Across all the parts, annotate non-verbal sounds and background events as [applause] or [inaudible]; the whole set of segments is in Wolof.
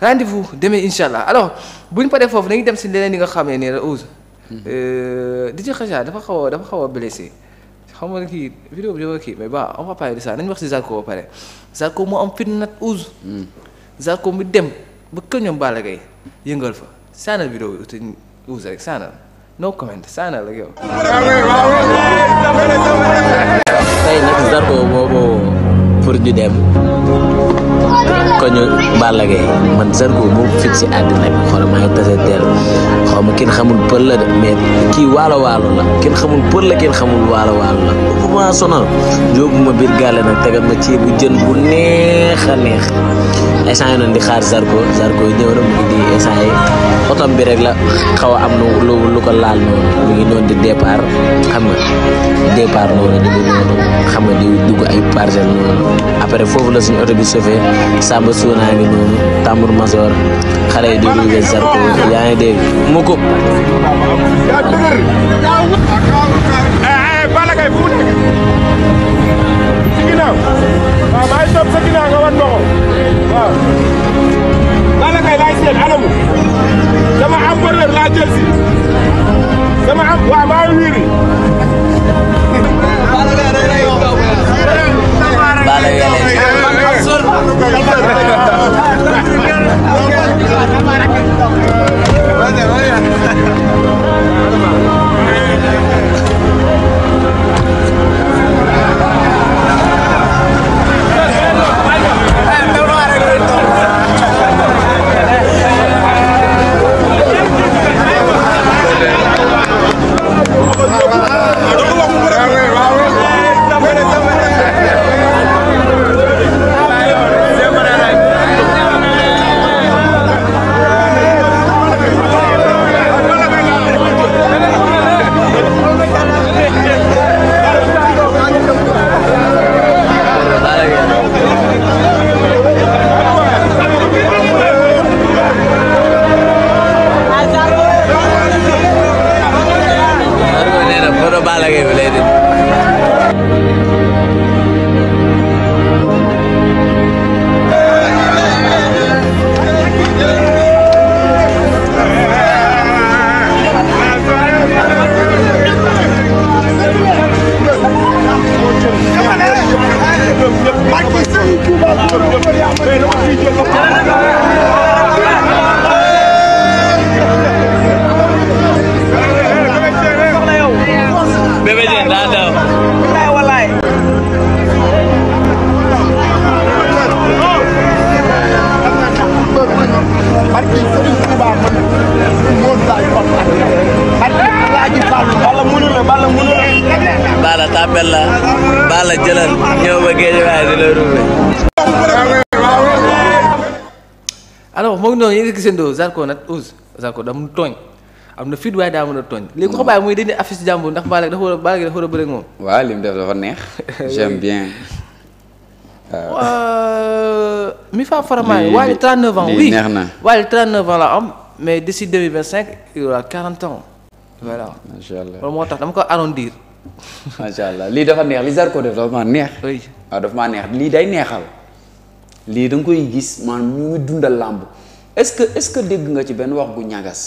rendez-vous demee incha allah alors bu ñu paree foofu dañuy dem si leneen yi nga xam ne nii la Ousse. di ci Kheucha dafa xaw a dafa xaw a blessé xam nga kii vidéo bi dafa kii mais ba on va parler de ça nañu wax si Zarko ba pare Zarko moo am fitna Ousse. Hmm. Zarko mi dem ba kër ñoom Balla Gaye yëngal fa saanal vidéo bi te Ousse rek saanal no comment saanal rek yow. tey nag Zarko boobu pour ñu dem. ko ñu Balla Gaye man Zarko moom fit si àddina bi xoolal maa ngi teel xaw ma kenn xamul pël la de mais kii waalo waalo la kenn xamul pël la kenn xamul waalo waalo la bu ma sonal yóbbu ma biir gàlle nag tegal ma ceebu jën bu neex a neex instant noonu di xaar Zarko Zarko ñëw na mu di instant otom bi rek la xaw am lu lu ko laal mu ngi noonu di départ xam nga départ noonu ñu ngi noonu après foofu la suñu oto bi sauvé Samba Suuna ngi noonu tambour major xale yi di ruubee Zarko yaa ngi dégg mu eh, eh, ko. sama am waa maa ngi wiiri Vaya, vaya. Bébé Diène daa daw. Bilaay walaay. barki Sëriñ Tuuba man moo daal kontaan. barki Alaaji Fallu Balla munu la Balla munu la. Balla tapel la Balla jëlal ñëw ba géej waaye di la ruube. alors moom noonu yéen a gisandoo Zarko nag Ousse Zarko da mun tooñ am na fit waaye daa mën a tooñ. léegi ku ko bàyyi muy dindi def dafa neex. [laughs] Euh, mi faa faramaay waaye 39 ans. lii neex na waaye la am mais d'ici 2025 il aura 40 ans. voilà macha allah loolu tax dama ko arrondir. macha allah lii dafa neex li Zarko def dafa maa neex. oui ah, dafa maa neex lii day neexal. lii da nga koy gis maanaam ñu ngi dundal làmb est-ce que est-ce que dégg nga ci benn wax gu ñagas.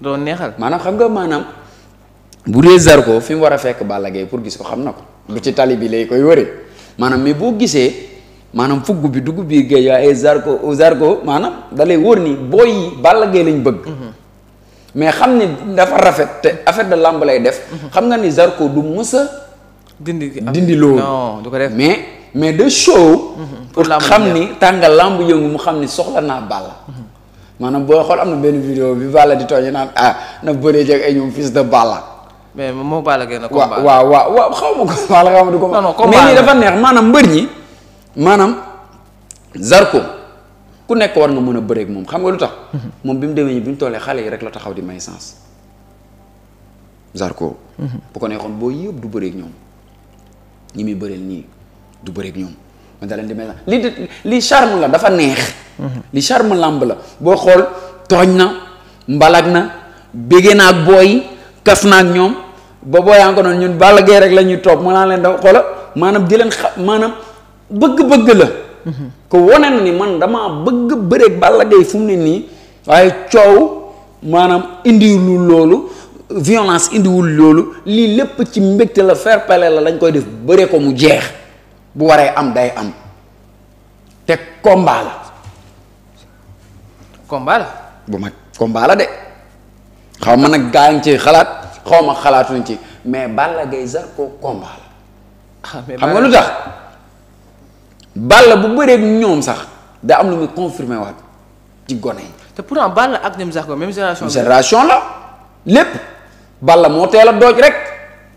non neexal. maanaam xam nga maanaam bu dee Zarko fi mu war a fekk Balla Gaye pour gis ko xam na ko du ci tali bi lay koy wëre maanaam mais boo gisee. maanaam fugg bi dugg biir géej waaye Zarko Zarko maanaam da lay wóor booy yi Balla Gaye lañ bëgg. Mhm. mais xam ni dafa rafet te affaire de làmb lay def. Mhm. xam nga ni Zarko du mës a dindi loolu. du ko def mais. mais de show. Mhm. pour xam ni tàngal lamb yëngu mu xam ni soxla naa Balla. Mhm. maanaam boo xool am na benn vidéo bi Balla di tooñe naan ah na bëree jeeg ay ñoom fils de Balla. mais moo Balla waaw waaw waaw xaw ma ko Balla xaw ma du ko. non non mais nii maanaam mbër ñi maanaam Zarko ku nekk war nga mën a bëreeg moom xam nga lu tax. Mhm. moom bi mu demee ñi bi mu tollee xale yi rek la taxaw di may sens. Zarko. bu ko neexoon boo yëpp du bëreeg ñoom ñi muy bëreel nii. du bëreeg ñoom man da leen di li charme la dafa neex. Mhm. li charme làmb la boo xool tooñ na mbalag na bége naa ak booy kaf na ak ñoom ba booy yaa ko noonu ñun Balla Gaye rek la ñuy topp mu laa leen da xoola maanaam di leen xa maanaam bëgg-bëgg la. Mhm. ko wane ni man damaa bëgg bëreeg Balla Gaye fu ne nii waaye coow. maanaam indiwul loolu violence indiwul loolu lii lépp ci mbégte la fair-play la lañ koy def bëre ko mu jeex bu waree am day am te komba la. combat la. bu mag combat la de xaw ma nag gaa ngi ci xalaat xaw ma xalaatuñ ci mais Balla Gaye koo komba la. Ah, xam nga lu tax. Balla bu bëreeg ñoom sax da am lu muy confirmé waat ci gone yi. te pourtant Balla ak ñoom Zarko même génération. génération la lépp Balla moo teel a dooj rek.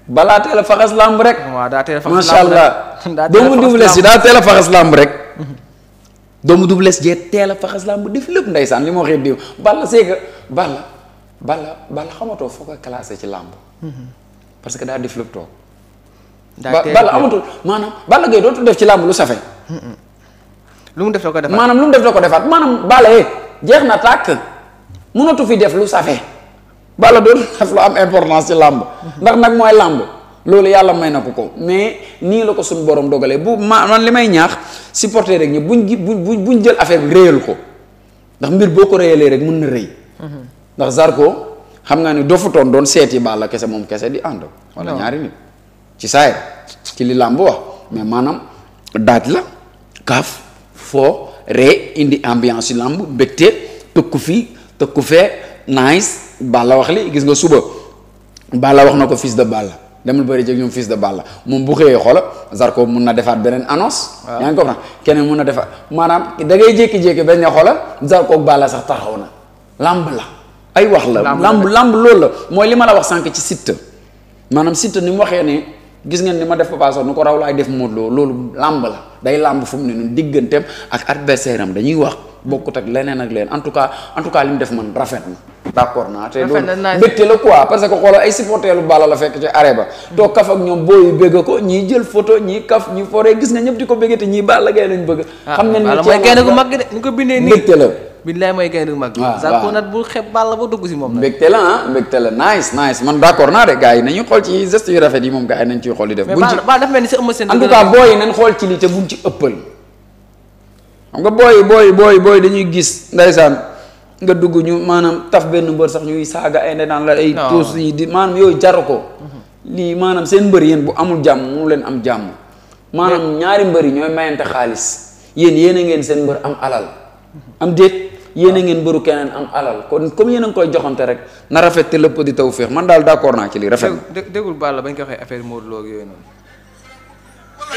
balaa teel a faxas làmb rek. waaw daa teel a faxas làmb rek macha [laughs] allah doomu Double Less yi daa teel a faxas làmb rek. Mhm. doomu Double Less teel a faxas làmb def lépp li ma waxee diw bala Sega Balla Balla Balla xamatoo foo ko classé ci làmb. Mhm. parce que daa def lépp toog. daa amatul maanaam Balla Gaye dootul def ci làmb lu safe. Mhm. lu mu def la ko defaat maanaam lu mu def la ko defaat maanaam Balla eh, jeex na tàkk mënatu fi def lu safe. Balla Dóor daf la am importance ci ndax nag mooy làmb loolu yàlla may na ko ko mais nii la ko suñu borom dogalee bu ma man li may ñaax supporter rek ñi buñ buñ buñ jël affaire bi réyal ko ndax mbir boo ko réyalee rek mun na rëy. ndax Zarko xam nga ni dofutoon doon seeti Balla kese moom kese di ànd. wala ñaari nit ci saay ci li làmb wax mais maanaam daaj la kaaf foo ree indi ambiance ci làmb mbégte tëkku fii tëkku fee nice la wax li gis nga suba la wax na ko fils de dem lu bëri jëg ñoom fils de Balla moom bu xëyee xoola Zarko mun na defaat beneen annonce. waaw yaa ngi keneen mun na defaat maanaam da ngay jékki-jékki benn xoola Zarko ak Balla sax taxaw na lamb la ay wax la. lamb lamb loolu la mooy li ma la wax sànq ci site. maanaam site ni mu waxee ne gis ngeen ni ma def Papa Sow nu ko raw laay def Modou Lo loolu lamb la day lamb fu mu ne ñun digganteem ak adversaire am dañuy wax bokkut ak leneen ak leneen tout cas en tout cas li mu def man rafet d'accord naa te loolu mbégte la quoi parce que xoolal ay supporter lu Balla la fekk ci arrêt ba toog kaf ak ñoom booyu bégg ko ñii jël photo ñii kaf ñi foree gis nga ñëpp di ko béggee te ñii Balla Gaye lañ bëgg ah, ah, moom nag mbégte la ah naa de gars yi nañu xool ci geste yu rafet yi moom gars yi nañ ciy xool di def buñ ci dafa mel ni sa ëmb seen en booyi nañ xool ci li te buñ ci ëppal xam nga booyi booyi booyi booyi dañuy gis ndeysaan nga dugg ñu maanaam taf benn mbër sax ñuy saaga ay naan la ay tuus yi di maanaam yooyu jaru ko mhm. lii maanaam seen mbër yéen bu amul jàmm mu leen am jàmm maanaam ñaari mbër yi ñooy mayante xaalis yéen yéen a ngeen seen mbër am alal am déet yéen a ngeen mbëru keneen am alal kon comme yéen a ngi koy joxante rek na rafet te lépp di taw féex man daal d'accord naa ci lii rafet déggul Balla bañ ko waxee affaire Modou Lo yooyu noonu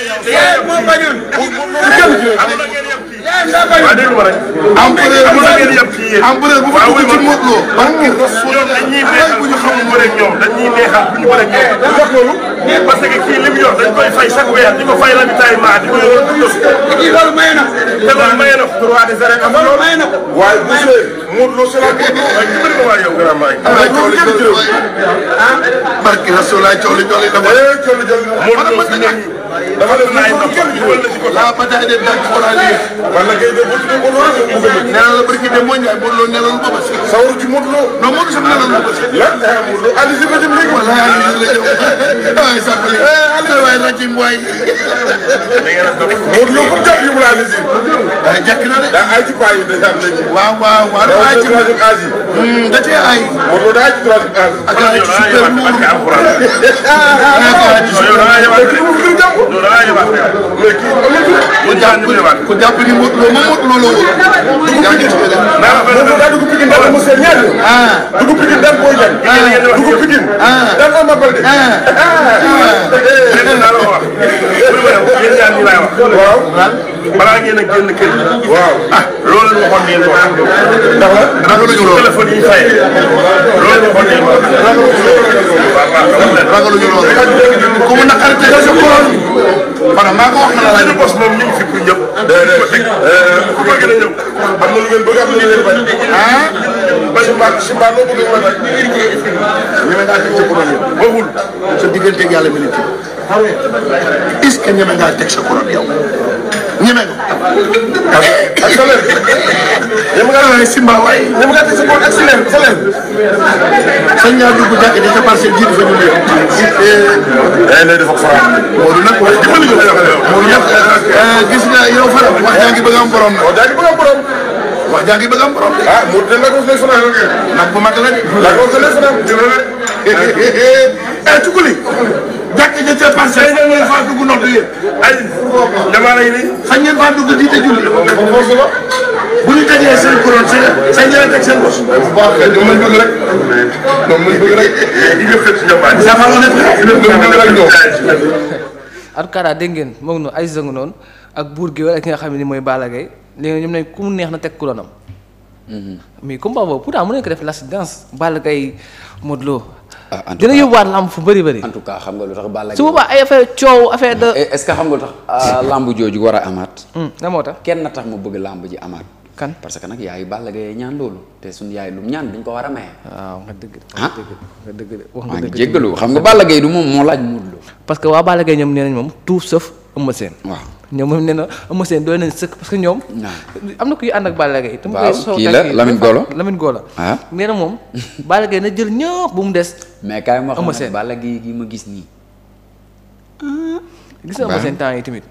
yaay moo bañoon. empereur bu fa dugg ci Modou Lo. parce que dañuy neexal bu ñu xamul bëre ak ñoom dañuy neexal bu ñu bëre ak ñoom. dañ wax loolu. parce que kii li mu yor dañ koy fay chaque weer di ko fay ravitaillement di ko yor di ko. kii loolu may na. te loolu may na. droit des arènes am loolu may na. waaye bu see Modou Lo si la ko. waaye ki bëri ko waa yow. vraiment ay coow li coow li. ah. barke Rasoul ay coow li coow li dafa. Modou Lo si ñoom. dafa def na ay napp jubal na ci côté. waaw bataay de dàq ko naa liggéey. wala kay de bu ci dee Modou Lo mu gën. nee na la barki de mooy Ndiaye Modou Lo neloon ko bas. sawru ci Modou Lo. non Modou Lo neloon ko bas. lan Modou Lo Aliou si la jëm léegi. wala Aliou si la jëm waaye sax léegi. Aliou waay laaj yi mu waay. Modou Lo pour jàpp yu mu laa lisi. waaye jàkk na de. daa aay ci paa yi dèjà am léegi. waaw waaw waaw dafa aay ci troisième âge yi. da cee aay. Modou Lo daa aay ci troisième âge. ak aay ci super muur. loolu laa ñëwaat mais kii amul jàpp ni ku jàpp ni Modou Lo moom Modou Lo la woon. Ah. dugub Pikine daan Boy Diagne. Ah. dugub Pikine ah. daan Ama Baldé. waaw. balaa ngeen a génn kër yi. waaw ah loolu la ñu waxoon ngeen ko. ndax la ragaluñu loolu téléphone yi fay. loolu la ñu waxoon ngeen ko. ragaluñu loolu. ku mu naqari tey sa koor. maanaam maa ko wax na la rajo bos moom ñu ngi fi pour ñëpp. déedéet ku bëgg na ñëpp. am na lu ngeen bëgg am na lu ngeen bañ. Bassirou Ba si Ba boobu la ñu ñeme ngaa teg sa couronne yow waxul sa diggante ak yàlla mi nit yi est-ce que ñeme ngaa teg sa couronne yow ñeme nga. ak sa leen ñeme ngaa lay Simba waaye ñeme ngaa teg sa couronne ak sa leen sa leen. sañ ñaar dugg jàkk di sa parcelle jiitu fa ñu yow. day lay def ak Fara. Modou nag wax dëgg yàlla Modou nag eh, gis nga yow Fara wax yaa ngi bëgg am borom nag. wax jaa ngi bëgg am borom de. ah mu de nag lay fanaan rek. nag bu mag la de. nag bu mag lay fanaan. dina la de. tukuli. jàkk ja ca parce que ngeen faa dugg nodd yéen. ay damaa lay nii. sañ ngeen faa dugg di te julli. bu ñu tegee seen kuréel seen sañ ngeen teg seen bos. waaw kay dama bëgg rek. moom mooy bëgg rek. di nga fekk si ñoom di saafara nekk rek. en tout cas dégg ngeen moom noonu ay zëng noonu ak buur gi wala ki nga xam ne ni mooy Balla Gaye léegi ñoom ne ku neex na teg couronne am. Mm-hmm. mais comme boobu pourtant mën nañu def l'accidence Balla Gaye Modou Lo. ah en tout dina yóbbuwaat lamb fu bëri bëri. en tout cas xam nga lu tax Balla Gaye su boobaa ay affaire coow affaire eh, est-ce que xam nga lu tax ah, lamb jooju war a amaat. Mm, na moo tax kenn tax mu bëgg lamb ji amaat. kan parce que nag yaayu Balla Gaye ñaan loolu te suñu yaay lum ñaan duñ ko war a maye. Ah, waaw nga dëgg ah nga dëgg wax nga dëgg jéggalu xam nga Balla Gaye du moom moo laaj Modou Lo. parce que waa Balla Gaye ñoom nee nañ moom tout sauf Eumeu Sène ñoom moom nee na Eumeu Sène doy sëkk parce que ñoom. am na kuy ànd ak Balla Gaye. waaw kii la Lamine Golo Lamine Golo. ah nee moom. Balla Gaye na jël ñëpp bu mu des. mais kaay ma xam ne Balla Gaye gi ma gis nii. Ah, gis nga tamit.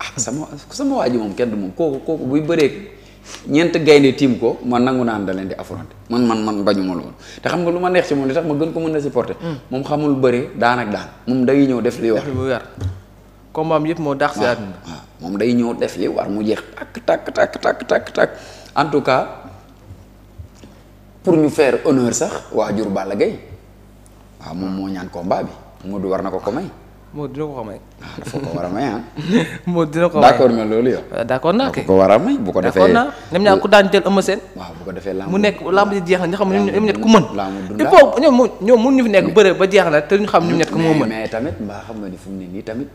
ah sama sama waa ji moom kenn du moom kooku kooku buy bëree ñeent gaynde tiim ko man nangu naan da leen di affronter man man man bañu ma loolu te xam nga lu ma neex ci moom li tax ma gën ko mën a supporter. Mm. moom xamul bëre daan ak daan moom day ñëw def li wax. combat am yëpp moo dàq si àdduna moom day ñëw def li war mu jeex takk takk takk takk takk takk en tout cas ñu faire honneur sax waajur Balla Gaye waaw moom moo ñaan combat bi Modou war na ko ko may. ko ko may. dafa ah, ko war a may ah. [laughs] Modou dina ko may d'accord nga loolu ah, ah, ko war a may bu ko defee. d'accord naa ñoom ñaar ku daan mu nekk laamu ji jeex na ñu xam ne ñoom ñett ku mën. laamu ñoom ñoom mënuñu fi nekk bëre ba jeex na te ñu xam ñoom ñett ku moo mën. mais tamit mbaa xam nga ni fu ne nii tamit.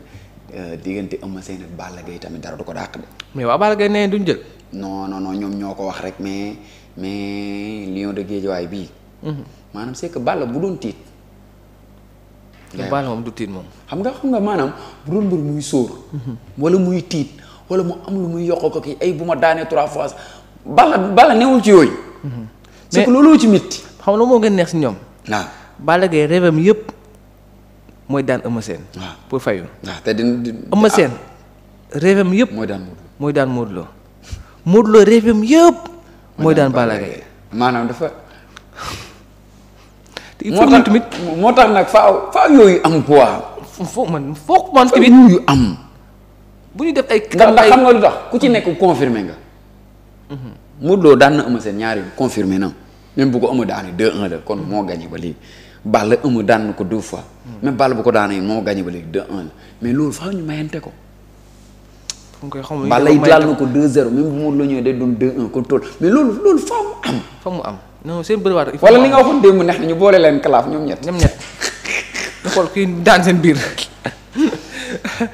Euh, diggante Eumeu Sène ak Balla Gaye tamit dara du ko dàq de. mais waa Balla Gaye nee duñ jël. non non non ñoom ñoo ko wax rek mais mais Lion de Guédiawaye bii. Mhm. maanaam c'est que Balla bu doon tiit. Balla moom moom. xam nga xam nga maanaam bu doon mbër muy sóor. Mhm. wala muy tiit wala mu am lu muy yokk ko kii ay bu ma daanee trois fois Balla Balla newul ci yooyu. Mhm. c'est looloo ci métti. xam nga moo gën neex si ñoom. waaw Balla Gaye rêve yëpp. mooy daan Eumeu Sène. pour fayu. waaw te dina Eumeu ah. Sène. réewam yëpp mooy daan mooy daan Modou Lo. Modou yëpp. mooy daan Balla Gaye maanaam dafa. [laughs] te il faut que tamit moo tax nag fa faaw yooyu am poids. foo man foog man tamit yooyu ñu def ay ndax ndax xam nga lu tax ku ci nekk confirmé nga. Mhm. Modou daan na Eumeu Sène ñaari confirmé na même bu ko Eumeu daane 2-1 kon moo gagné ba lii. Balla ëmm daan na ko deux fois. Hmm. même bu ko daanee moo gagné ba léegi deux un la mais loolu faaw ñu mayante ko. kon koy xamul Balla yi daal ko deux zéro même bu Modou Lo ñëwee day doon deux un kon tool mais loolu loolu faaw mu am. faaw mu am non seen bëriwaat. wala li nga waxoon démb neex na ñu boole leen kalaaf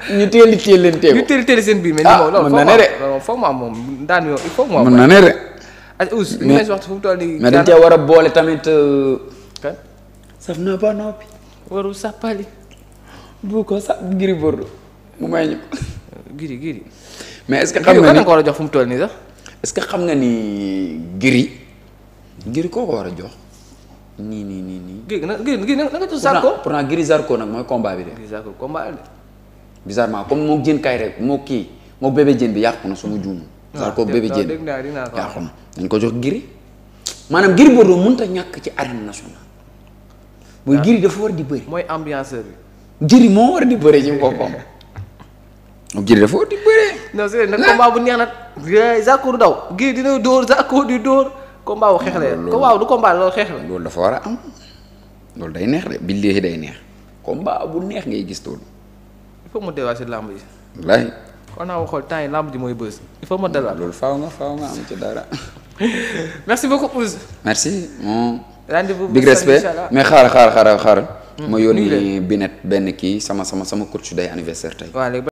a a teel seen biir mais. Ah, na ne de loolu faaw mu am moom daan yow il faut mu am. mën na ne de. ak Ousse li fu mu toll nii. mais dañ war a boole tamit. Euh, saf na ba noppi. warul sax pali. bu ko sax giri bordu mu may ñu ko. mais est-ce que xam nga ni ko war a jox fu mu toll nii sax. est que xam nga ni giri. giri koo ko war a jox. nii nii nii nii. giri na giri na nga tudd Zarko. pourtant giri nag mooy combat bi de. giri Zarko combat de. bizarrement comme moo jën kay rek moo kii moo bébé jën bi yàqu na su ma juumu. Ah, Zarko bébé jën yàqu na dañ ko jox giri. maanaam giri bordu mënut a ñàkk ci arène nationale. mooy ah. giri dafa war di bëri. mooy ambianceur bi. giri moo war di bëri ñu boppam. [laughs] giri dafa war di bu neex nag. Eh, Zarko daw giri dina dóor Zarko di dóor. combat wu xeex la combat wu loolu dafa war a am loolu day neex de billaahi day neex combat bu neex ngay gis loolu. il faut mu deewaat si làmb ji. wallaahi. kon naa waxoon temps yi mooy bës. il faut mu delluwaat loolu faaw nga faaw nga am ci dara. [laughs] merci beaucoup Ouz. merci. rendez-vous big respect mais xaaral xaaral xaaral xaaral. Hmm. ma yónni binet benn kii sama sama sama coach day anniversaire tey.